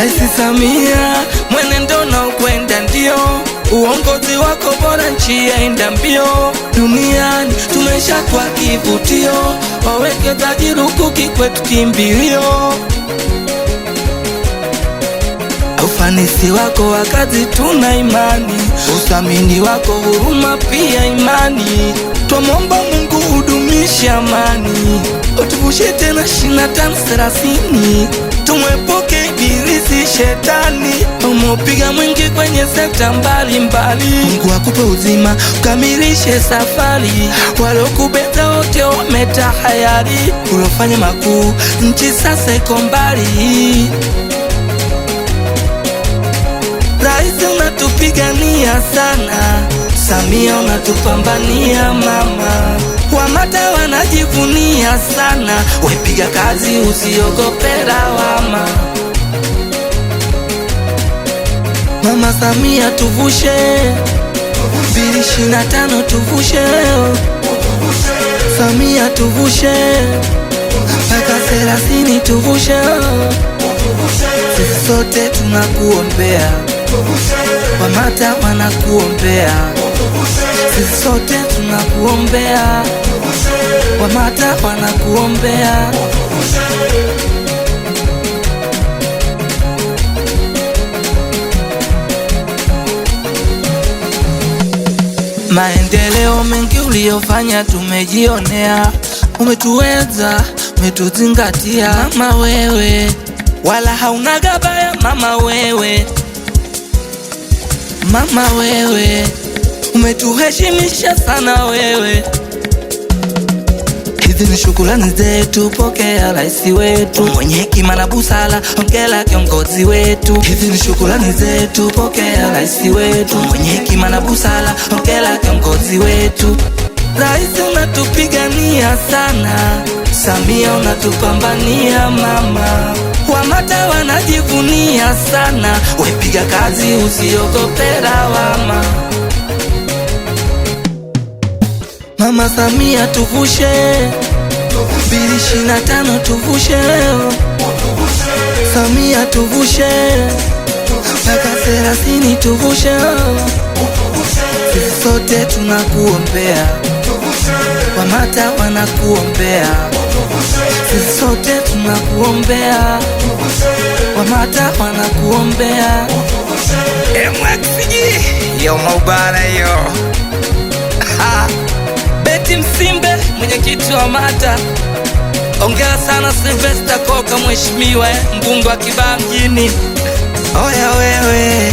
Raisi Samia, mwenendo na ukwenda ndio uongozi wako bora, nchi yaenda mbio, duniani tumeshakuwa kivutio, wawekezaji lukuki kwetu kimbilio, ufanisi wako wa kazi tuna imani, usamini wako huruma pia imani, twamwomba Mungu udumishe amani, utuvushe tena shina tano thelathini shetani umepiga mwingi kwenye sekta mbalimbali. Mungu akupe uzima ukamilishe safari, walokubeta wote wametahayari, ulofanya makuu nchi sasa iko mbali. Rais unatupigania sana, Samia unatupambania mama Wamata wanajivunia sana, wepiga kazi usiogope wama Mama Samia tuvushe, mbili ishirini na tano tuvushe, Samia tuvushe, mpaka thelathini tuvushe, sisi sote tunakuombea, Wamata wanakuombea, sisi sote tunakuombea, Wamata wanakuombea Maendeleo mengi uliyofanya tumejionea, umetuweza, umetuzingatia mama wewe, wala hauna gabaya mama wewe, mama wewe, umetuheshimisha sana wewe hizi ni shukrani zetu, pokea rais wetu mwenye hekima na busara, hongera kiongozi wetu. Hizi ni shukrani zetu, pokea rais wetu mwenye hekima na busara, hongera kiongozi wetu. Rais unatupigania sana, Samia unatupambania mama, Wamata wanajivunia sana, wepiga kazi usiogope wama Mama Samia tuvushe mbili ishirini na tano tuvushe, Samia tuvushe, mpaka thelathini tuvushe, sote tunakuombea, Wamata wanakuombea, sote tunakuombea, Wamata wanakuombea MXG yo maubana yo beti msimbe mwenyekiti wa Mata, ongera sana silvesta Koka, mheshimiwa mbunge wa kibaa mjini. Oya wewe